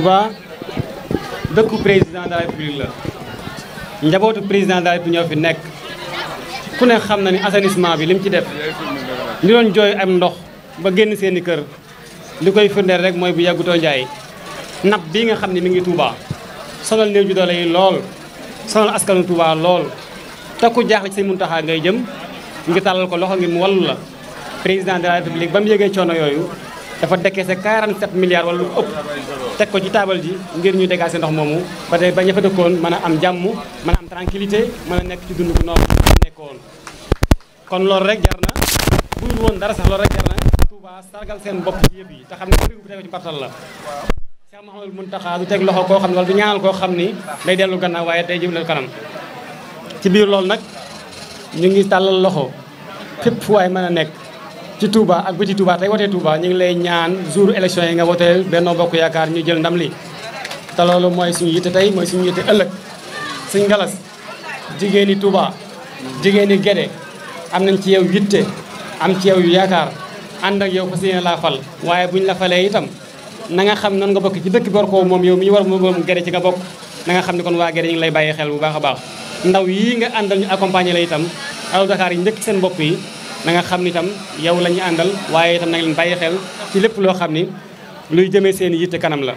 Touba dëkku président de la république la njabootu président de la république ñoo fi nekk ku ne xam na ni assainissement bi lim ci def ñu doon am ndox ba génn seeni kër li koy firndeel rek mooy bu yàggutoo njaay napp bii nga xam ne mi ngi Touba sonal néew ju doole lool sonal askanu Touba lool te ku jaaxle ci Sëñ ngay jëm ngi tàllal ko loxo ngir mu wallu la président de la république ba mu yëgee coono yooyu dafa décaissé 47 milliards wala lu ko ëpp teg ko ci taabal ji ngir ñu dégager ndox moomu ba tey ba ña fa dëkkoon mën a am jàmm mën a am tranquillité mën a nekk ci dundu gu noor nekkoon. kon loolu rek jar na bu woon dara sax loolu rek jar na sargal seen bopp ci yëpp yi te xam ne bu tegu ci mbartal la. Cheikh Mouhamadou Mountakha du teg loxo koo xam ne wala du ñaanal koo xam ni day dellu gannaaw waaye day jëmale kanam ci biir loolu nag ñu ngi tàllal loxo fépp fu mën a nekk. ci Touba ak biti Touba tey wotee Touba ñu ngi lay ñaan jour élection yi nga woteel benn Bokk Yaakaar ñu jël ndam li te loolu mooy suñu yitte tey mooy suñu yitte ëllëg suñ ngalas jigéeni Touba jigéeni Guédé am nañ ci yow yitte am ci yow yu yaakaar anda ak yow fas yéene laa fal waaye buñ la falee itam na nga xam noonu nga bokk ci dëkk bor moom yow mi ñu war moom Guédé ci nga bokk nanga xam ne kon waa Guédé ñu lay bàyyi xel bu baax a baax ndaw yii nga àndal ñu accompagner la itam alu Dakar yi njëkk seen bopp yi na nga xam ni tam yow la ñu àndal waaye itam na nga leen bàyyi xel ci lépp loo xam ni luy jëmee seen yitte kanam la.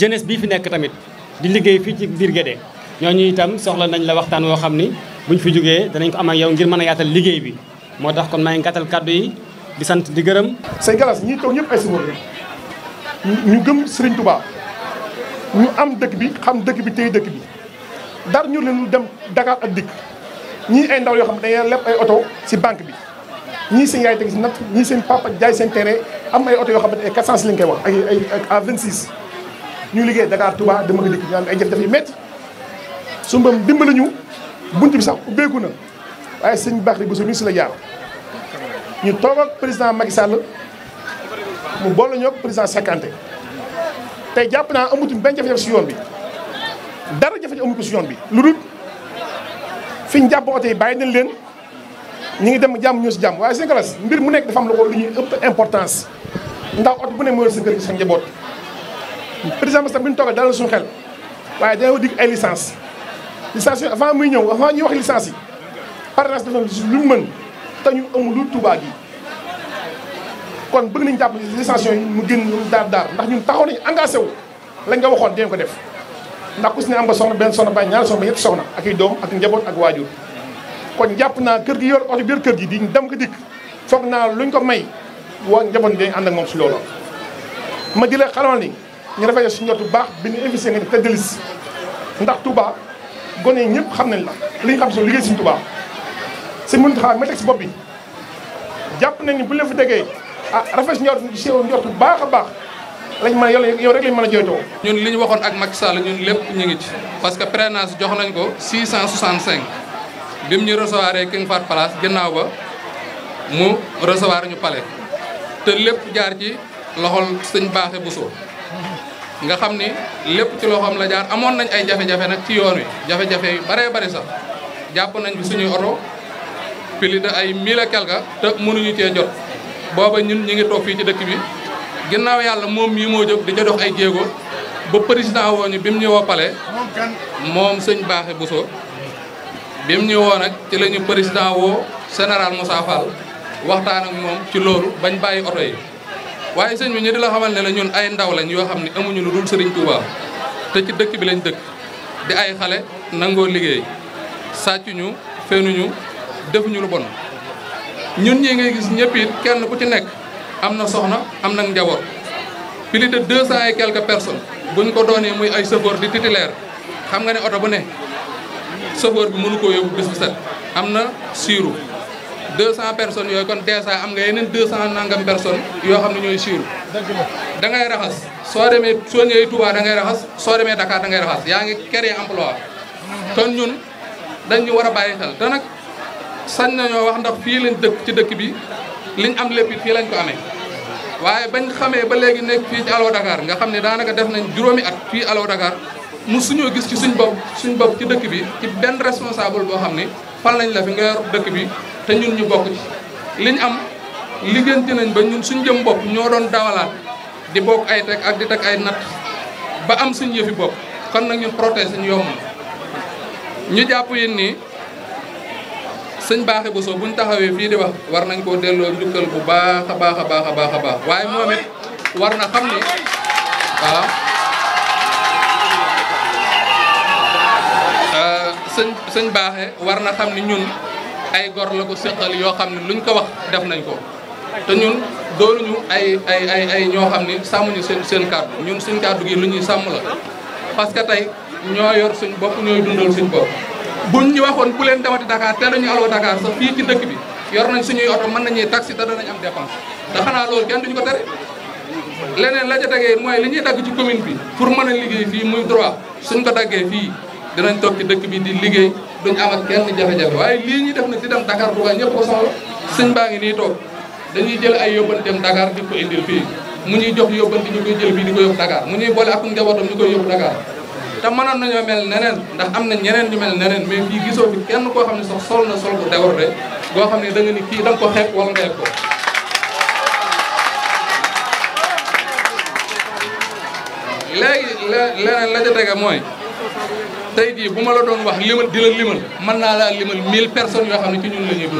jeunesse bii fi nekk tamit di liggéey fii ci biir Guédé ñooñu itam soxla nañ la waxtaan woo xam ni buñ fi jógee danañ ko am ak yow ngir mën a yaatal liggéey bi moo tax kon maa ngi kàddu yi di sant di gërëm. say galas ñi toog ñëpp ay subordé ñu gëm Serigne Touba ñu am dëkk bi xam dëkk bi tey dëkk bi dara ñu leen dem Dakar ak ñii ay ndaw yoo xam ne dañuy leb ay oto si banque bi ñii seen yaay teg si natt seen papa jaay am ay oto yoo xam ne ay 400 koy wax ay ay ñu liggéey Dakar Touba dama ko dikk ñu naan ay jafe-jafe yu métti su mbam dimbali ñu bunt bi sax ubbeeku na waaye sëñ Bakary Bousso mi si la jaar. ñu toog président Macky Sall mu boole ñoo ak président Sakanté te jàpp naa amatuñ benn jafe-jafe si yoon bi dara jafe-jafe amu yoon bi fi ñu jàpp bàyyi nañ leen ñu ngi dem jàmm ñoo si jàmm waaye seen mbir mu nekk defam am lu ko lu ñuy ëpp importance ndax oto bu ne mooy sa kër sa njaboot président Macky Sall bi ñu toogee dalal suñu xel waaye dañoo dig ay licence licence yooyu avant muy ñëw avant ñuy wax licence yi parrainage dafa lu mën te ñu amul lu Touba gi kon bëgg nañ jàpp licence yooyu mu génn daal daal ndax ñun taxaw nañu engagé wu lañ nga waxoon dinañ ko def ndax kus si ne am nga soxna benn soxna ba ñaari soxna ba ñetti soxna ak i doom ak njaboot ak waajur kon jàpp naa kër gi yor oto biir kër gi di dem ko dikk foog naa luñ ko may waa njaboot dañ ànd ak moom si loolu ma di la xamal ñu rafetee suñu njort bu baax bi ñu invité nga tëdd liste ndax Touba gone ñëpp xam nañ la li xam si liggéey si mënut ma teg si bopp bi jàpp nañ ni bu leen fi déggee ah rafet suñu njort bu baax a baax lañ mën a yow rek lañ mën a jooytoo ñun li ñu waxoon ak Macky Sall ñun lépp ñu ngi ci parce que parrainage jox nañ ko 665 bi mu ñu recevoir King Fahd Palace ginnaaw ba mu recevoir ñu pale te lépp jaar ci loxol sëñ baaxe Bousso nga xam ni lépp ci loxoom la jaar amoon nañ ay jafe-jafe nag ci yoon wi jafe-jafe yu baree bari sax jàpp nañ bi suñuy oto pili da ay mille et quelque te mënuñu cee jot booba ñun ñi ngi toog fii ci dëkk bi ginnaaw yàlla moom mii moo jóg di ca ay jéego ba président woo ñu bi mu ñu woo pale moom sëñ Baaxe bu bi mu ñuy woo nag ci la ñu président woo général Moussa Fall waxtaan moom ci loolu bañ bàyyi oto yi waaye sëñ bi ñu di la xamal ne la ñun ay ndaw lañ yoo xam ne amuñu lu dul sëriñ Touba te ci dëkk bi lañ dëkk di ay xale nangoo liggéey sàccuñu fenuñu defuñu lu bon ñun ñi ngay gis ñëpp kenn ku ci nekk am na soxna am na njaboot plus de deux cent et quelques bu buñ ko doonee muy ay chauffeur di titulaire xam nga ne oto bu ne chauffeur bi mënu koo yóbbu bis bu am na siiru deux cent personnes yooyu kon dèjà am nga yeneen deux cent nangam personnes yoo xam ne ñooy siiru da ngay raxas soo demee soo ñëwee Touba da ngay raxas soo demee Dakar da ngay raxas yaa ngi créer emploi kon ñun dañ ñu war a bàyyi xel te nag sañ nañoo wax ndax fii lañ dëkk ci dëkk bi liñ am lépp it lañ ko ame waaye bañ xamee ba léegi nekk fii ci Allo Dakar nga xam ne daanaka def nañ juróomi at fii Allo Dakar mu suñoo gis ci suñ bopp suñ bopp ci dëkk bi ci benn responsable boo xam ne fal nañ la fi nga dëkk bi te ñun ñu bokk ci liñ am liggéen nañ ba ñun suñ jëm bopp ñoo doon dawalaat di bokk ay teg ak di teg ay natt ba am suñ yëfi bopp kon nag ñun protéger ñu yomb ñu jàpp yéen nii sëñ Baaxe so bu ñu taxawee fii di wax war nañ koo delloo njukkal bu baax a baax a baax a baax a baax waaye moom war na xam ni waaw euh, sëñ sëñ Baaxe war na xam ni ñun ay gor la ko séqal yoo xam ne luñ ko wax def nañ ko te ñun doonuñu ay ay ay ay ñoo xam ni sàmmuñu seen seen kàddu ñun suñ kàddu gi lu ñuy sàmm la parce que tey ñoo yor suñ bopp ñooy dundal suñ bopp bu ñu waxoon bu leen demati Dakar teelu ñu aloo Dakar sax fii ci dëkk bi yor nañ suñuy oto mën nañuy taxi te danañ am dépense te xanaa loolu kenn duñu ko tere leneen la ca tegee mooy li ñuy dagg ci commune bi pour mën a liggéey fii muy droit suñ ko daggee fii dinañ toog ci dëkk bi di liggéey duñ amat kenn jafe-jafe waaye lii ñuy def nag di dem Dakar Touba ñëpp ko soxla sëñ baa ngi nii toog dañuy jël ay yóbbanteem Dakar di ko indil fii mu ñuy jox yóbbante ñu koy jël fii di ko yóbbu Dakar mu ñuy boole ak njabootam ñu koy yóbbu te mënoon nañoo mel neneen ndax am na ñeneen ñu mel neneen mais fii gisoo fi kenn koo xam ne sax sol na sol bu débordé boo xam ne da nga ni kii da nga ko xeeb wala nga ko léegi leneen la ca tege mooy tey jii bu ma la doon wax limal di la mën naa laa limal mille personnes yoo xam ne ci ñun la ñuy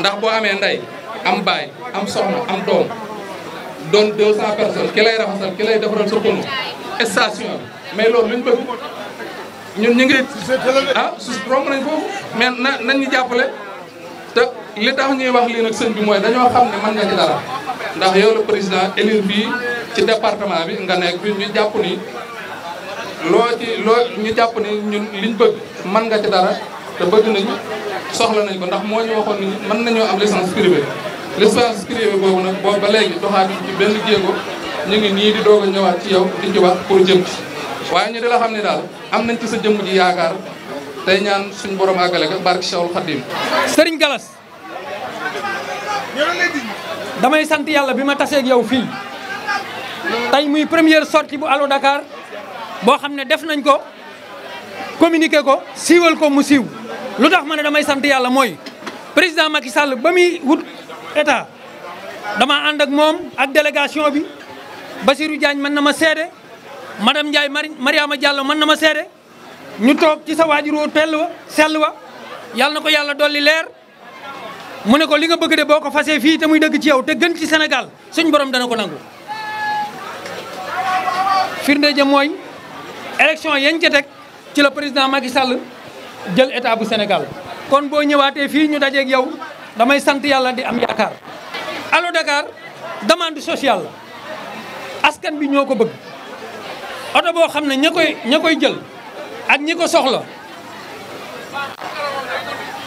ndax boo amee nday am baay am soxna am doom doon deux cent personnes ki lay raxasal ki lay station mais loolu luñ bëgg ñun ñu ngi ah suuf nañ foofu mais na nañ ñu jàppale te li tax ñuy wax lii nag sëñ bi mooy dañoo xam ne mën nga ci dara ndax yow la président élu ci département bi nga nekk bi ñu jàpp ni loo ci loo ñu jàpp ni ñun liñ bëgg mën nga ci dara te bëgg nañu soxla nañ ko ndax moo ñu waxoon mën nañoo am licence privée licence privée boobu nag ba léegi doxaat ci benn jéego ñu ngi nii di doog a ñëwaat ci yow di ci wax pour jëm waaye ñu di la xam ne daal am nañ ci sa jëmm ji yaakaar tey ñaan suñ borom àggale ko barke Cheikhul Khadim Serigne Galas damay sant yàlla bi ma taseeg yow fii tey muy première sortie bu Allo Dakar boo xam ne def nañ ko communiqué ko siiwal ko mu siiw lu tax ma ne damay sant yàlla mooy président Macky Sall ba muy wut état dama ànd ak moom ak délégation bi Basirou Diagne mën na ma seede madame Ndiaye mari Mariama Diallo mën na ma seede ñu toog ci sa waajur wu tell wa sell wa yàlla na ko yàlla dolli leer mu ne ko li nga bëgg de boo ko fasee fii te muy dëgg ci yow te gën ci Sénégal suñ borom dana ko nangu. firnde jëm mooy élection yañ ca teg ci la président Macky Sall jël état bu Sénégal kon boo ñëwaatee fii ñu dajeeg yow damay sant yàlla di am yaakaar. Allo Dakar demande sociale askan bi ñoo ko bëgg. oto boo xam ne ña koy ña koy jël ak ñi ko soxla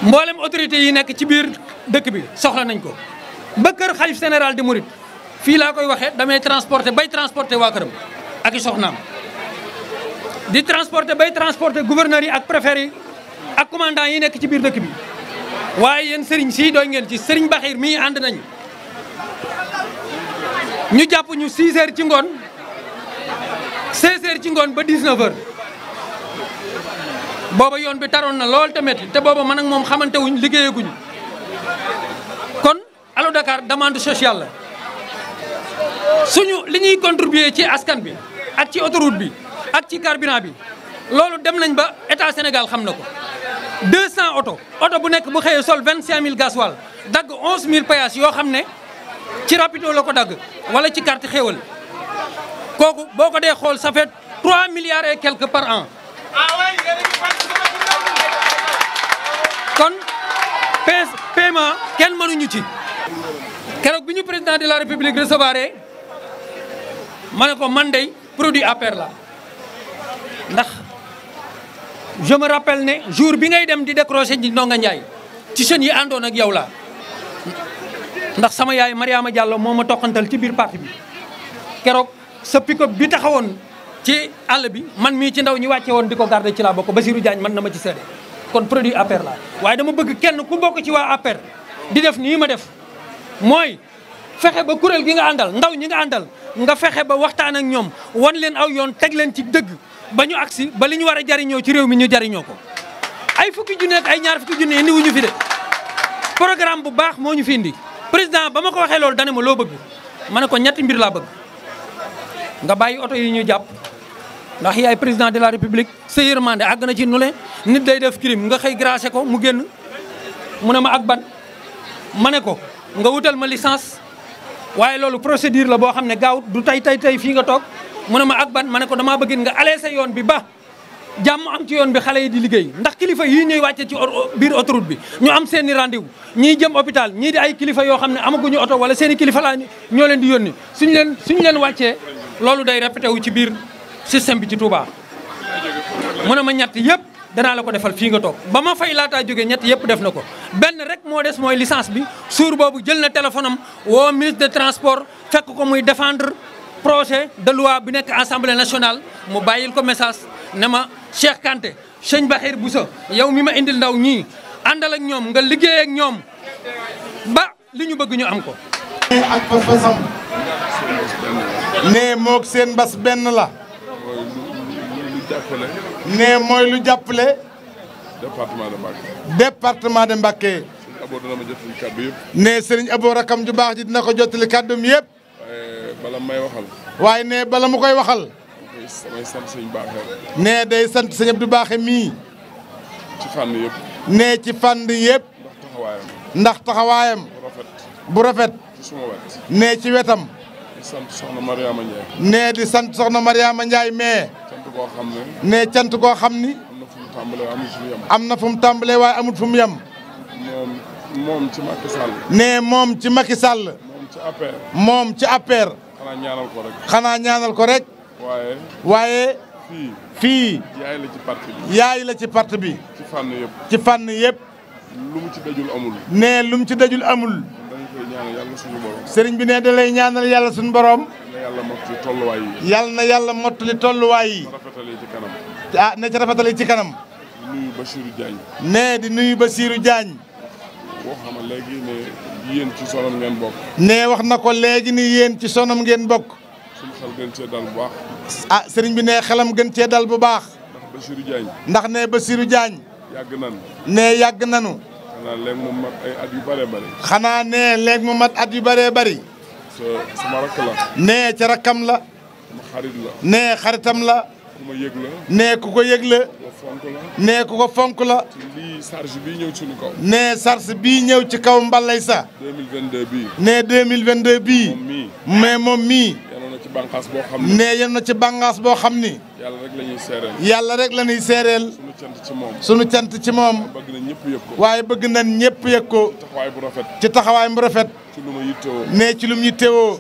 mboolem autorité yi nekk ci biir dëkk bi soxla nañ ko ba kër xalif général di murit fii laa koy waxee damay transporter bay transporter waa këram ak i soxnaam di transporté bay transporter gouverneur yi ak préfet yi ak commandant yi nekk ci biir dëkk bi waaye yéen sëriñ sii doy ngeen ci sëriñ Baxiir mii ànd nañu ñu jàpp ñu 6 ci ngoon 16 heures ci ngoon ba 19 heures booba yoon bi taroon na lool te metti te booba man ak moom xamante wuñ liggéeyaguñu kon Allo Dakar demande social la suñu li ñuy contribuer ci askan bi ak ci autoroute bi ak ci carburant bi loolu dem nañ ba état senegal xam na ko 200 oto oto bu nekk bu xëyee sol 25000 gasoil dagg 11000 péage yoo xam ne ci rapido la ko dagg wala ci carte xéewal kooku boo ko dee xool ça fait trois milliards et quelque par an kon paiement kenn mënuñu ci keroog bi ñu président de la république recevoir ma ne ko man dey produit APR la ndax je me ne jour bi ngay dem di décrocher ji Ndonga Ndiaye ci jeunes yi àndoon ak yow la ndax sama yaay Mariama Diallo moom ma toqantal ci biir parti bi keroog sa pick bi taxawoon ci àll bi man mii ci ndaw ñi wàcce woon di ko garder ci laa bokk Basirou jaañ man na ma ci seede kon produit APR la waaye dama bëgg kenn ku bokk ci waa APR di def nii ma def mooy fexe ba kuréel gi nga àndal ndaw ñi nga àndal nga fexe ba waxtaan ak ñoom wan leen aw yoon teg leen ci dëgg ba ñu agsi ba li ñu war a jariñoo ci réew mi ñu jariñoo ko ay fukki junne ak ay ñaar fukki junne indi wuñu fi de programme bu baax moo ñu fi indi président ba ma ko waxee loolu dana ma loo bëgg ma ne ko ñetti mbir laa bëgg nga bàyyi oto yi ñu jàpp ndax yaay président de la république sa yërmande àgg na ci nu le nit day def crime nga xëy gracé ko mu génn mu ne ma ak ban ma ne ko nga wutal ma licence waaye loolu procédure la boo xam ne gaaw du tey tey tey fii nga toog mu ne ma ak ban ma ne ko damaa bëgg nga alléger yoon bi ba jàmm am ci yoon bi xale yi di liggéey ndax kilifa yii ñuy wàcce ci biir autoroute bi ñu am seen i rendez-vous ñii jëm hôpital ñii di ay kilifa yoo xam ne amaguñu oto wala seen kilifa laa ñoo leen di yónni suñu leen suñu leen wàccee loolu day répété wu ci biir système bi ci Touba mu ne ma ñett yëpp danaa la ko defal fii nga toog ba ma fay laataa jóge ñett yëpp def na ko benn rek moo des mooy licence bi suur boobu jël na téléphone woo ministre de transport fekk ko muy défendre projet de loi bi nekk assemblée nationale mu bàyyil ko message ne ma Cheikh ba sëñ bu Boussa yow mi ma indil ndaw ñii àndal ak ñoom nga liggéey ak ñoom ba li ñu bëgg ñu am ko. nee moog seen mbas benn la. nee mooy lu jàppale. département de Mbacké. département de Mbacké. nee sëriñ Abo rakam ju baax ji dina ko jottali kàddum yëpp. waaye eh, bala may waaye nee bala mu koy waxal. damay sant sëñ nee day sant sëñ Abdou Baaxe mii. ci nee ci fànn yëpp. ndax taxawaayam. ndax taxawaayam. bu rafet. bu nee ci wetam. di soxna Mariama Ndiaye. nee di sant soxna Mariama Ndiaye mais. cant koo xam ne. nee cant koo xam ni. am na fu mu tàmbalee waaye amul fu mu yem. moom moom ci Macky Sall. nee moom ci Macky Sall. moom ci APR. moom ci APR. xanaa ñaanal ko rek. xanaa ñaanal ko rek. waaye. waaye. fii. fii. la ci parti bi. la ci parti bi. ci fànn yëpp. ci fànn ci dajul amul. nee lu ci dajul amul. sëriñ bi ne da lay ñaanal yàlla suñu borom. yàlla na yàlla mottali tolluwaay yi. ah ne ca rafetale ci kanam. di nuyu Bassirou Diagne. nee di nuyu Bassirou Diagne. wax na ma léegi ne yéen ci sonam ngeen wax na ko léegi ni yéen ci sonam ngeen bokk. suñu xel gën cee dal bu ah, sëriñ bi ne xelam gën cee dal bu baax. ndax Bassirou Diagne. ndax nee nanu. xanaa léegi mu mat ay xanaa nee léegi mu mat at yu bëree bëri. sama rakk la. nee ca la. sama xarit la. nee xaritam la. ma yëg la. nee ku ko yëg la. nee ku ko fonk la. lii charge bii ñëw ci kaw. nee charge bii ñëw ci kaw Mbalay sa. 2022 nee 2022 bii. mii. ci bànqaas boo xam ne. nee na ci bànqaas boo xam ni. yàlla rek la ñuy seereel. yàlla rek la ñuy seereel. sunu cant moom. sunu cant ci moom. bëgg nañ ñëpp yëg ko. waaye bëgg nañ ñëpp yëg ko. ci taxawaay bu rafet. ci taxawaay bu rafet. lu mu yittewoo. nee ci lu mu yittewoo.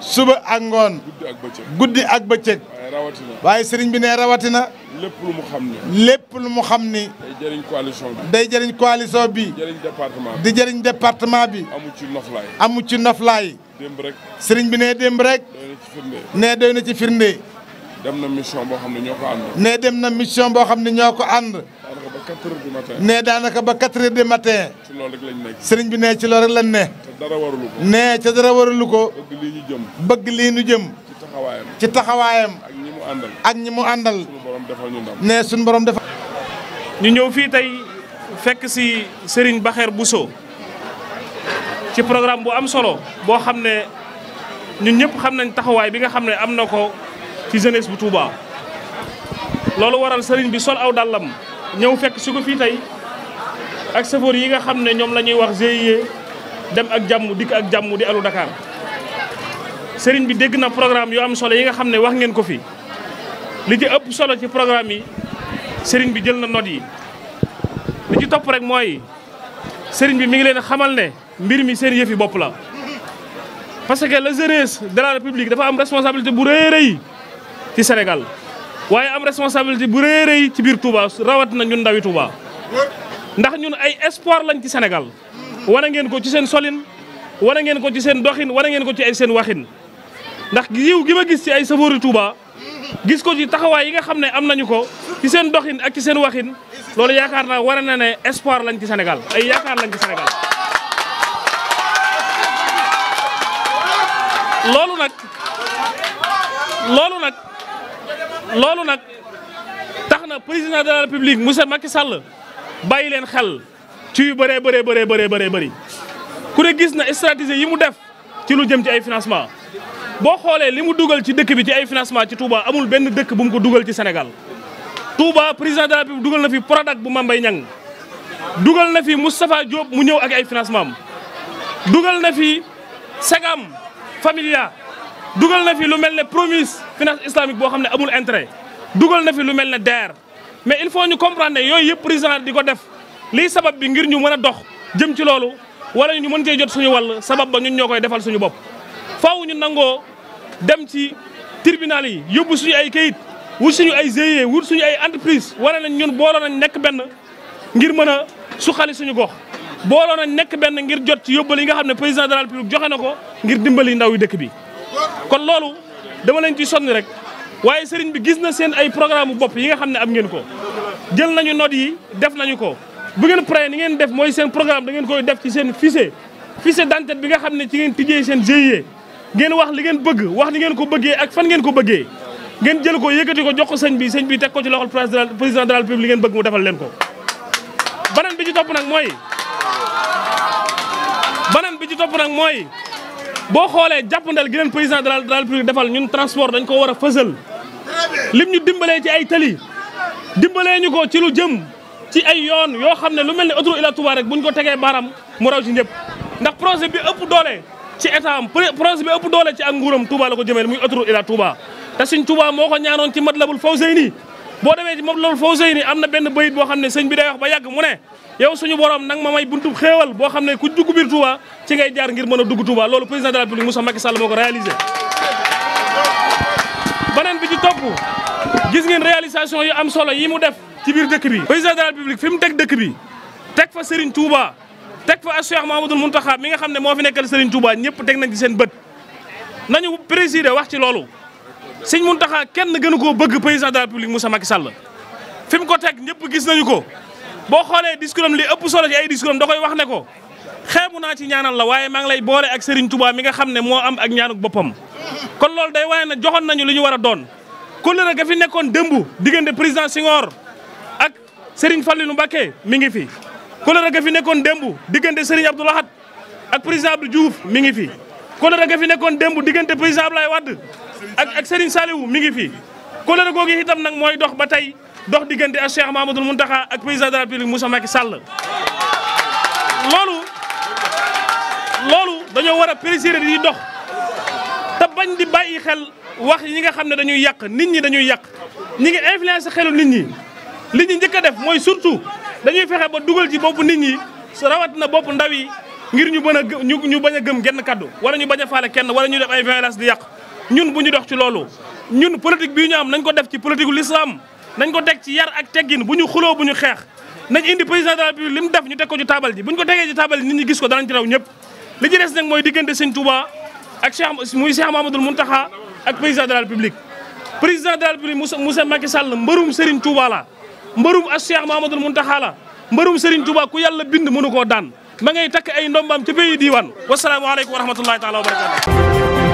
suba ak ngoon. guddi ak bëccëg. guddi ak bëccëg. waaye rawatina. waaye sëriñ bi ne rawatina. lépp lu xam ni. lépp lu mu xam ni. day jëriñ coalition bi. day jëriñ coalition bi. di jëriñ di jëriñ département bi. amu ci noflaay. amu ci noflaay démb rek. sëriñ bi nee démb rek. nee doy na ci firnde. dem na mission boo xam ne ñoo ko ànd. nee dem na mission boo xam ne ñoo ko ànd. daanaka ba 4 heures nee daanaka ba 4 heures du matin. ci loolu rek lañ nekk. sëriñ bi nee ci loolu rek lañ ne. te dara warulu ko. nee ca dara warulu ko. bëgg lii ñu jëm. jëm. ci taxawaayam. ci taxawaayam. ak ñi mu àndal. ak ñi mu àndal. suñu borom defal ñu ndam. nee suñu borom ñu ñëw fii tey fekk si sëriñ bu so ci programme bu am solo boo xam ne ñun ñëpp xam nañ taxawaay bi nga xam ne am na ko ci jeunesse bu Touba. loolu waral sëriñ bi sol aw dàllam ñëw fekk si ko fii tey ak chauffeur yi nga xam ne ñoom la ñuy wax GIE dem ak jàmm dikk ak jàmm di alu Dakar sëriñ bi dégg na programme yoo am solo yi nga xam ne wax ngeen ko fi li ci ëpp solo ci programme yi sëriñ bi jël na note yi li ci topp rek mooy sëriñ bi mi ngi leen xamal ne. mbir mi seen yëfi bopp la parce que la jeunesse de la dafa am responsabilité bu rëy rëy ci Sénégal waaye am responsabilité bu rëy rëy ci biir Touba rawat na ñun ndawi ndax ñun ay espoir lañ ci Sénégal wane ngeen ko ci seen solin wane ngeen ko ci seen doxin wane ngeen ko ci ay seen waxin ndax yiw gi ma gis ci ay safoori Touba gis ko ci taxawaay yi nga xam ne am nañu ko ci seen doxin ak ci seen waxin loolu yaakaar naa war na ne espoir lañ ci Sénégal yaakaar lañ ci loolu nag loolu nag loolu nag tax na président de la république monsieur Macky Sall bàyyi leen xel ci yu bëree bëre bëre bëree bëre bëri ku ne gis na stratégie yi mu def ci lu jëm ci ay financement boo xoolee li mu dugal ci dëkk bi ci ay financement ci Touba amul benn dëkk bu mu ko dugal ci Sénégal Touba président de la République dugal na fi Prodac bu Mambay Niang dugal na fi Moustapha Diop mu ñëw ak ay financement am dugal na fi Segam familia dugal na fi lu mel ne promise finance islamique boo xam ne amul intérêt dugal na fi lu mel ne DER mais il faut ñu comprendre yooyu yëpp président di ko def lii sabab bi ngir ñu mën a dox jëm ci loolu wala ñu mën cee jot suñu wàll sabab ba ñun ñoo koy defal suñu bopp faaw ñu nangoo dem ci tribunal yi yóbbu suñu ay kayit wut suñu ay GIE wut suñu ay entreprise wara nañ ñun booloo nañ nekk benn ngir mën a suqali suñu gox booloo nañ nekk benn ngir jot ci yóbbal yi nga xam ne président de la république na ko ngir dimbali ndaw yu dëkk bi. kon loolu dama leen ci sonn rek waaye sëriñ bi gis na seen ay programme bopp yi nga xam ne am ngeen ko jël nañu notes yi def nañu ko bu ngeen paree ni ngeen def mooy seen programme da ngeen koy def ci seen fichier fichier d'entête bi nga xam ne ci ngeen tijjee seen GIE ngeen wax li ngeen bëgg wax ni ngeen ko bëggee ak fan ngeen ko bëggee ngeen jël ko yëkkati ko jox ko sëñ bi sëñ bi teg ko ci loxol président de la li ngeen bëgg mu ko beneen bi ci topp nag mooy bi ci topp mooy boo xoolee jàppandal gi leen président de la république defal ñun transport dañ ko war a fësal lim ñu dimbalee ci ay tali dimbalee ñu ko ci lu jëm ci ay yoon yoo xam ne lu mel ne autoroute Ila Touba rek buñ ko tegee baaraam mu raw ci ñëpp ndax projet bi ëpp doole ci état am projet bi ëpp doole ci ak nguuram Touba la ko jëmee muy autoroute Ila Touba te suñ Touba moo ko ñaanoon ci Matlabul Fawzayni boo demee ci moom loolu foo sëy ni am na benn bayit boo xam ne sëñ bi day wax ba yàgg mu ne yow suñu borom nag ma may buntu xéewal boo xam ne ku dugg biir Touba ci ngay jaar ngir mën a dugg Touba loolu président de la République Moussa Macky Sall moo ko réalisé beneen bi ci topp gis ngeen réalisation yi am solo yi mu def ci biir dëkk bi président de la République fi mu teg dëkk bi teg fa Serigne Touba teg fa Cheikh Mahamadou Mountakha mi nga xam ne moo fi n Serigne Touba ñëpp teg nañ ci seen bët nañu présider wax ci loolu sëñ Mountakha kenn gënu koo bëgg président de la République Moussa Macky fi mu ko teg ñëpp gis nañu ko boo xoolee discours am li ëpp solo ci ay discours am wax ne ko xeebu naa ci ñaanal la waaye maa ngi lay boole ak Serigne Touba mi nga xam ne moo am ak ñaanuk boppam kon loolu day waaye na joxoon nañu li ñu war a doon kóllëre ga fi nekkoon démb diggante président Senghor ak Serigne Fallilou Mbacké mi ngi fi kóllëre ga fi nekkoon démb diggante Serigne Abdou Lahad ak président Abdou mi ngi fi kóllëre ga fi nekkoon démb diggante président Abdoulaye Wade ak ak Serigne Saliou mi ngi fi. kóllëre googu itam nag mooy dox ba tey dox diggante ak Cheikh Mahamadul Muntaxa ak président de la République Moussa Macky Sall. loolu loolu dañoo war a rek di dox te bañ di bàyyi xel wax yi nga xam ne dañuy yàq nit ñi dañuy yàq ñi ngi influence xelu nit ñi. li ñu njëkk def mooy surtout dañuy fexe ba dugal ji bopp nit ñi na bopp ndaw yi ngir ñu mën a ñu ñu bañ a gëm genn kaddu wala ñu bañ a faale kenn wala ñu def ay violence di yàq. ñun bu ñu dox ci loolu ñun politique bii ñu am nañ ko def ci politique gu l'islam nañ ko teg ci yar ak teggin bu ñu xuloo bu ñu xeex nañ indi président de la République li mu def ñu teg ko ci taabal ji bu ñu ko tegee ci taabal ji nit ñi gis ko danañ ci raw ñëpp li ci des nag mooy diggante Sëñ Touba ak Cheikh muy Cheikh Mahamadul Muntaxa ak président de la République président de la République Moussa Macky Sall mbërum Serigne Touba la mbërum ak Cheikh Mahamadul Muntaxa la mbërum Serigne Touba yàlla bind mënu koo daan ma ngay takk ay ndombaam ca pays diiwaan wasalaamualeykum wa rahmatullahi taala